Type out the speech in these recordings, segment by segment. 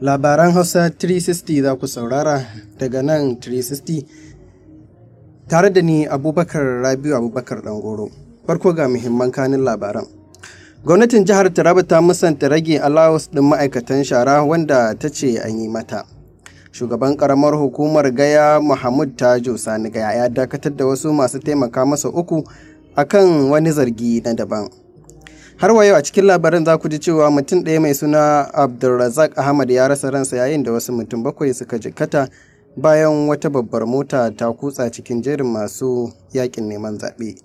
labaran hausa 360 za ku saurara daga nan 360 tare da ni abubakar rabiu abubakar dangoro farko ga muhimman kanin labaran gwamnatin jihar taraba ta musanta rage allowance ɗin ma'aikatan shara wanda ta ce an yi mata shugaban karamar hukumar gaya muhammad tajo sani gaya ya dakatar da wasu masu taimaka masa uku akan wani zargi na daban har wa yau a cikin labarin za ku ji cewa mutum ɗaya mai suna abdulrazak ahmad ya rasa ransa yayin da wasu mutum bakwai suka jikkata bayan wata babbar mota ta kutsa cikin jerin masu yakin neman zaɓe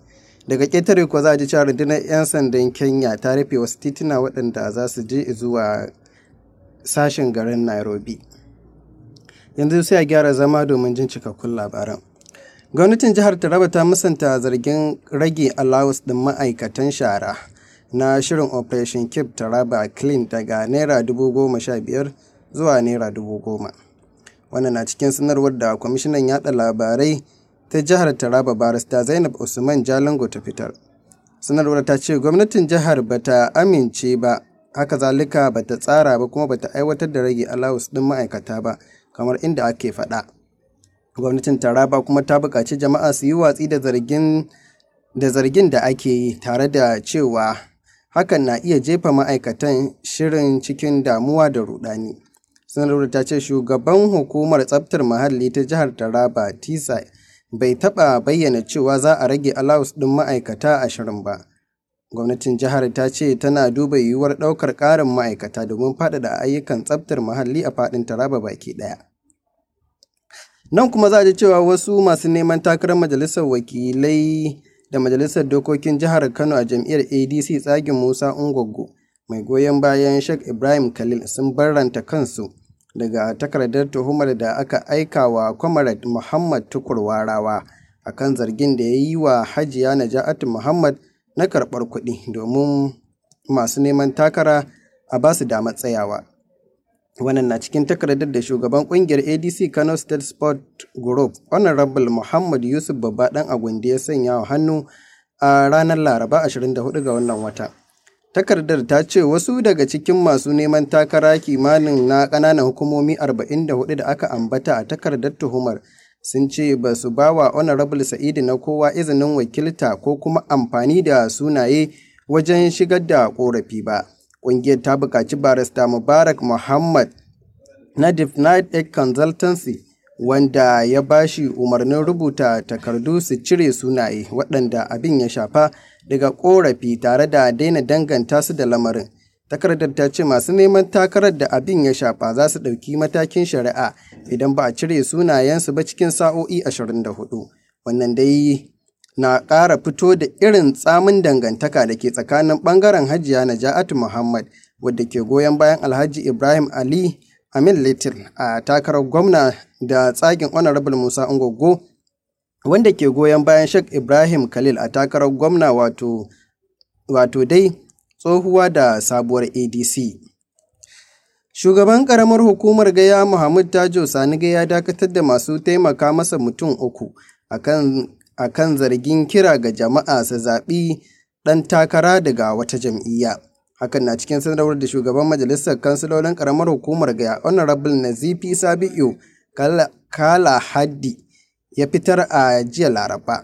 daga ƙetare kuwa za a ji cewa rundunar 'yan sandan kenya ta rufe wasu tituna waɗanda za su je zuwa sashen garin nairobi yanzu sai a gyara zama domin jin cikakkun labaran gwamnatin jihar taraba ta musanta zargin rage allowance ɗin ma'aikatan shara na shirin Operation Cape Taraba Clean daga Naira biyar zuwa Naira goma. Wannan na cikin sanarwar da kwamishinan yada labarai ta jihar Taraba barista Zainab Usman Jalingo ta fitar. Sanarwar ta ce gwamnatin jihar bata amince ba haka zalika bata tsara ba kuma bata aiwatar da rage alawus ɗin ma'aikata ba kamar inda ake faɗa. Gwamnatin Taraba kuma ta buƙaci jama'a su yi watsi da zargin da ake yi tare da cewa hakan na iya jefa ma'aikatan shirin cikin damuwa da rudani. sanarwar ta ce shugaban hukumar tsaftar muhalli ta jihar taraba tisa bai taɓa bayyana cewa za a rage allowance ɗin ma'aikata ashirin ba gwamnatin jihar ta ce tana duba yiwuwar ɗaukar karin ma'aikata domin faɗaɗa ayyukan tsaftar muhalli a faɗin taraba baki ɗaya nan kuma za a ji cewa wasu masu neman takarar majalisar wakilai da Majalisar Dokokin Jihar Kano a jam'iyyar ADC tsagin Musa Ungwaggo mai goyon bayan Sheikh Ibrahim Khalil sun barranta kansu daga takardar tuhumar da aka aika wa Comrade Muhammad Tukur Warawa kan zargin da ya yi wa Hajiya Naja'atu Muhammad na karɓar kuɗi domin masu neman takara a basu dama tsayawa. wannan na cikin takardar da shugaban kungiyar adc kano state sport group honorable muhammad yusuf babba dan agwandi ya sanya wa hannu a ranar laraba 24 ga wannan wata takardar ta ce wasu daga cikin masu neman takara kimanin na ƙananan hukumomi 44 da aka ambata a takardar tuhumar sun ce ba su ba wa honorable sa'idu na kowa izinin wakilta ko kuma amfani da sunaye wajen shigar da korafi ba Ƙungiyar ta buƙaci barista Mubarak Muhammad na Night Egg Consultancy wanda ya ba shi umarnin rubuta takardu su cire sunaye waɗanda abin ya shafa daga ƙorafi tare da daina danganta su da lamarin. Takardar ta ce masu neman takarar da abin ya shafa za su ɗauki matakin shari'a idan ba a cire sunayensu ba cikin sa'o'i 24. Wannan dai na ƙara fito da irin tsamin dangantaka da ke tsakanin ɓangaren hajiya Naja'atu Muhammad wadda ke goyon bayan Alhaji Ibrahim Ali Amin Little a takarar gwamna da tsagin Honorable Musa ungogo wanda ke goyon bayan Sheikh Ibrahim Khalil a takarar gwamna wato dai tsohuwa da sabuwar ADC. Shugaban ƙaramar hukumar gaya Muhammad Tajo Sani ya dakatar da masu taimaka masa mutum uku a kan. a kan zargin kira ga jama'a su zaɓi ɗan takara daga wata jam'iyya. Hakan na cikin sanarwar da shugaban majalisar kansilolin ƙaramar hukumar ga Honorable Nazifi Sabi'u Kala, Haddi ya fitar a jiya Laraba.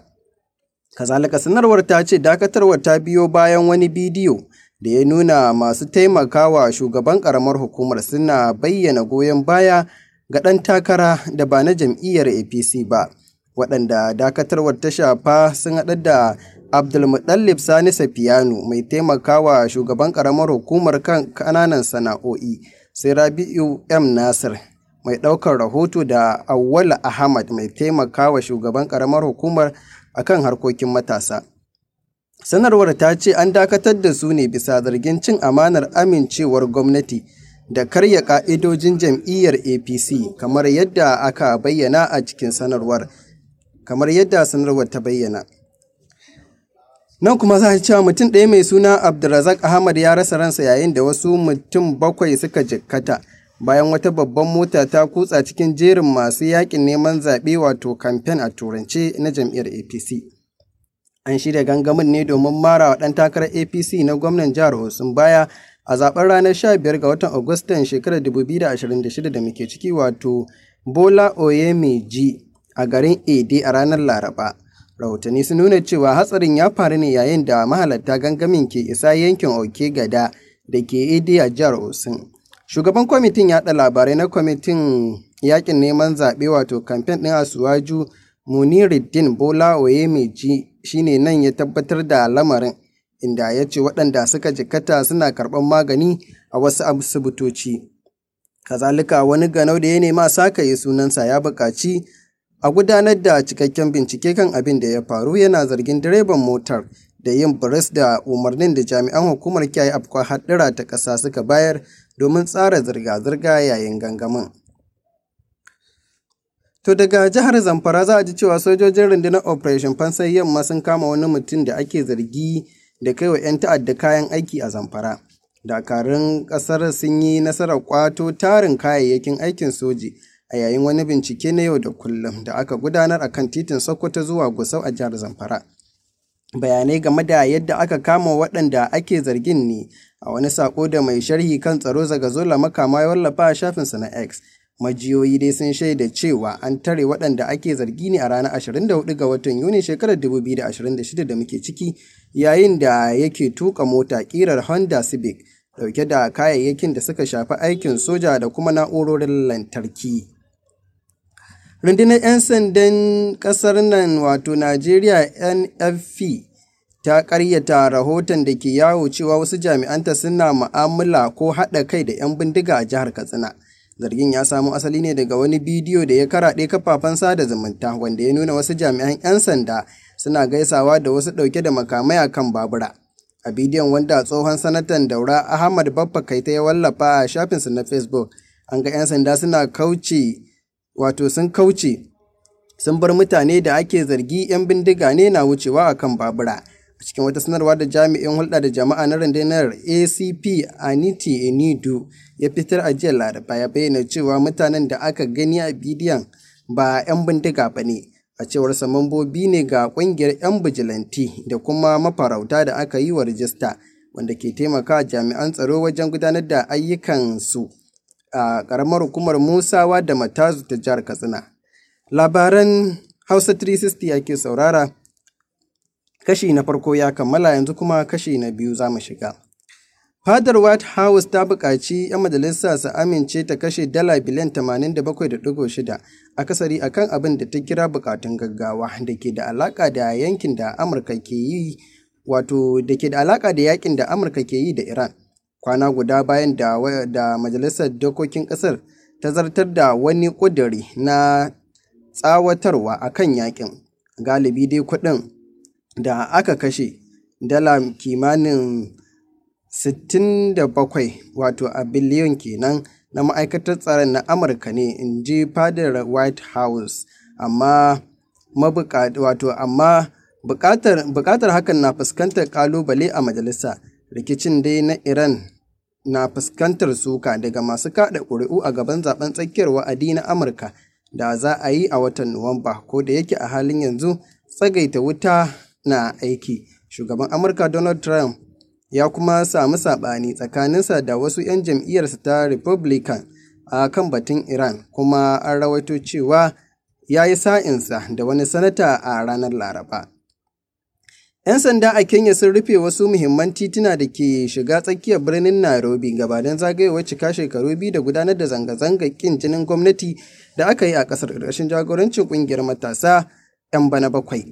Kazalika sanarwar ta ce dakatarwar ta biyo bayan wani bidiyo da ya nuna masu taimakawa shugaban ƙaramar hukumar suna bayyana goyon baya ga ɗan takara da ba na jam'iyyar APC ba. waɗanda dakatarwar ta shafa sun haɗar da abdulmuɗallib sani safiyanu mai taimakawa shugaban ƙaramar hukumar kan ƙananan sana'o'i sai rabi'u m nasir mai ɗaukar rahoto da awwala ahmad mai taimakawa shugaban ƙaramar hukumar a kan harkokin matasa sanarwar ta ce an dakatar da su ne bisa zargin cin amanar amincewar gwamnati da karya ƙa'idojin jam'iyyar apc kamar yadda aka bayyana a cikin sanarwar kamar yadda sanarwar ta bayyana nan kuma za a cewa mutum ɗaya mai suna abdulrazak ahmad ya rasa ransa yayin da wasu mutum bakwai suka jikkata bayan wata babban mota ta kutsa cikin jerin masu yakin neman zaɓe wato kamfen a turance na jam'iyyar apc an shirya gangamin ne domin mara wa ɗan takarar apc na gwamnan jihar hosun baya a zaɓen ranar 15 ga watan agustan shekarar shida da muke ciki wato bola oyemeji a garin Ede a ranar Laraba. Rahotanni sun nuna cewa hatsarin ya faru ne yayin da mahalarta gangamin ke isa yankin Oke Gada da ke Ede a jihar Osun. Shugaban kwamitin yaɗa labarai na kwamitin yakin neman zaɓe wato kamfen ɗin Asuwaju Muniruddin Bola Oyemeji shine nan ya tabbatar da lamarin inda ya ce waɗanda suka jikata suna karɓar magani a wasu asibitoci. Kazalika wani ganau da ya nema sakaye sunansa ya buƙaci a gudanar da cikakken bincike kan abin da ya faru yana zargin direban motar da yin baris da umarnin da jami'an hukumar kiyaye afkwa haɗura ta ƙasa suka bayar domin tsara zirga-zirga yayin gangamin. To daga jihar Zamfara za a ji cewa sojojin rundunar Operation Fansai Yamma sun kama wani mutum da ake zargi da kai wa 'yan ta'adda kayan aiki a Zamfara. Dakarun ƙasar sun yi nasarar kwato tarin kayayyakin aikin soji a yayin wani bincike na yau da kullum da aka gudanar a kan titin Sokoto zuwa Gusau a jihar Zamfara. Bayanai game da yadda aka kama waɗanda ake zargin ne a wani sako da mai sharhi kan tsaro zaga zola makama ya wallafa a shafinsa na X. Majiyoyi dai sun shaida cewa an tare waɗanda ake zargi ne a ranar 24 ga watan Yuni shekarar 2026 da muke ciki yayin da yake tuka mota ƙirar Honda Civic dauke da kayayyakin da suka shafi aikin soja da kuma na'urorin lantarki. rundunar 'yan sandan kasar nan wato najeriya nfp ta karyata rahoton da ke yawo cewa wasu jami'anta suna ma'amala ko haɗa kai da 'yan bindiga a jihar katsina zargin ya samo asali ne daga wani bidiyo da ya karaɗe kafafen sada zumunta wanda ya nuna wasu jami'an 'yan sanda suna gaisawa da wasu ɗauke da makamai a kan babura a bidiyon wanda tsohon sanatan daura ahmad babba ta ya wallafa a shafinsa na facebook an ga 'yan sanda suna kauce wato sun kauce sun bar mutane da ake zargi 'yan bindiga ne na wucewa a kan babura a cikin wata sanarwa da jami'in hulɗa da jama'a na rundunar acp aniti enidu ya fitar a jiya laraba ya bayyana cewa mutanen da aka gani a bidiyon ba 'yan bindiga ba ne a cewar sa mambobi ne ga kungiyar 'yan bijilanti da kuma mafarauta da aka yi wa rijista wanda ke taimaka jami'an tsaro wajen gudanar da ayyukansu. su a ƙaramar hukumar Musawa da Matazu ta jihar Katsina. Labaran Hausa 360 ake saurara. Kashi na farko ya kammala yanzu kuma kashi na biyu za mu shiga. Fadar White House ta buƙaci 'yan majalisa su amince ta kashe dala biliyan 87.6 kasari akan abin da ta kira buƙatun gaggawa da ke da alaƙa da yankin da Amurka ke yi wato da ke da alaƙa da yakin da Amurka ke yi da Iran. kwana guda bayan da, da majalisar dokokin ƙasar ta zartar da wani ƙuduri na tsawatarwa a kan yaƙin galibi dai kuɗin da aka kashe dala kimanin 67 wato a biliyon kenan na ma'aikatar tsaron na amurka ne in ji fadar white house amma wato amma bukatar hakan na fuskantar ƙalubale a majalisa rikicin dai na iran na fuskantar suka daga masu kada ƙuri'u a gaban zaben tsakiyar wa'adi na Amurka da za a yi a watan Nuwamba ko da yake a halin yanzu tsagaita wuta na aiki. Shugaban Amurka Donald Trump ya kuma samu saɓani tsakaninsa da wasu 'yan jam'iyyarsa ta Republican a kan batun Iran kuma an rawaito cewa ya yi sa'insa da wani sanata a ranar Laraba. 'Yan sanda a Kenya sun rufe wasu muhimman tituna da ke shiga tsakiyar birnin Nairobi gabanin zagayowar cika shekaru biyu da gudanar da zanga-zangar kin jinin gwamnati da aka yi a kasar ƙarƙashin jagorancin ƙungiyar matasa 'yan bana bakwai.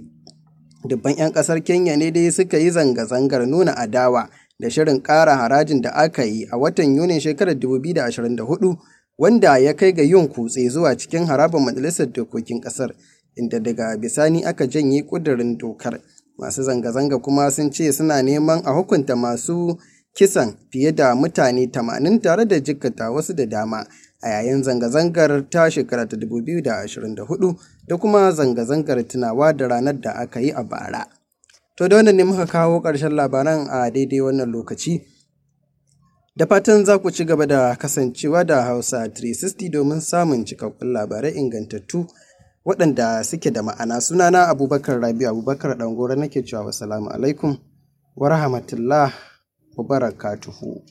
Dubban 'yan ƙasar Kenya ne dai suka yi zanga-zangar nuna adawa da shirin kara harajin da aka yi a watan yuni shekarar 2024 wanda ya kai ga yin kutse zuwa cikin harabar majalisar dokokin ƙasar inda daga bisani aka janye ƙudurin dokar. masu zanga-zanga kuma sun ce suna neman a hukunta masu kisan fiye da mutane 80 tare da jikata wasu da dama a yayin zanga-zangar ta shekara ta 2024 da kuma zanga-zangar tunawa da ranar da aka yi a bara. To da wannan ne muka kawo ƙarshen labaran a daidai wannan lokaci. Da fatan za ku ci gaba da kasancewa da Hausa 360 domin samun cikakkun labarai ingantattu waɗanda suke da ma'ana sunana abubakar rabiu abubakar ɗangora nake cewa wasu alaikum wa rahmatullah wa barakatuhu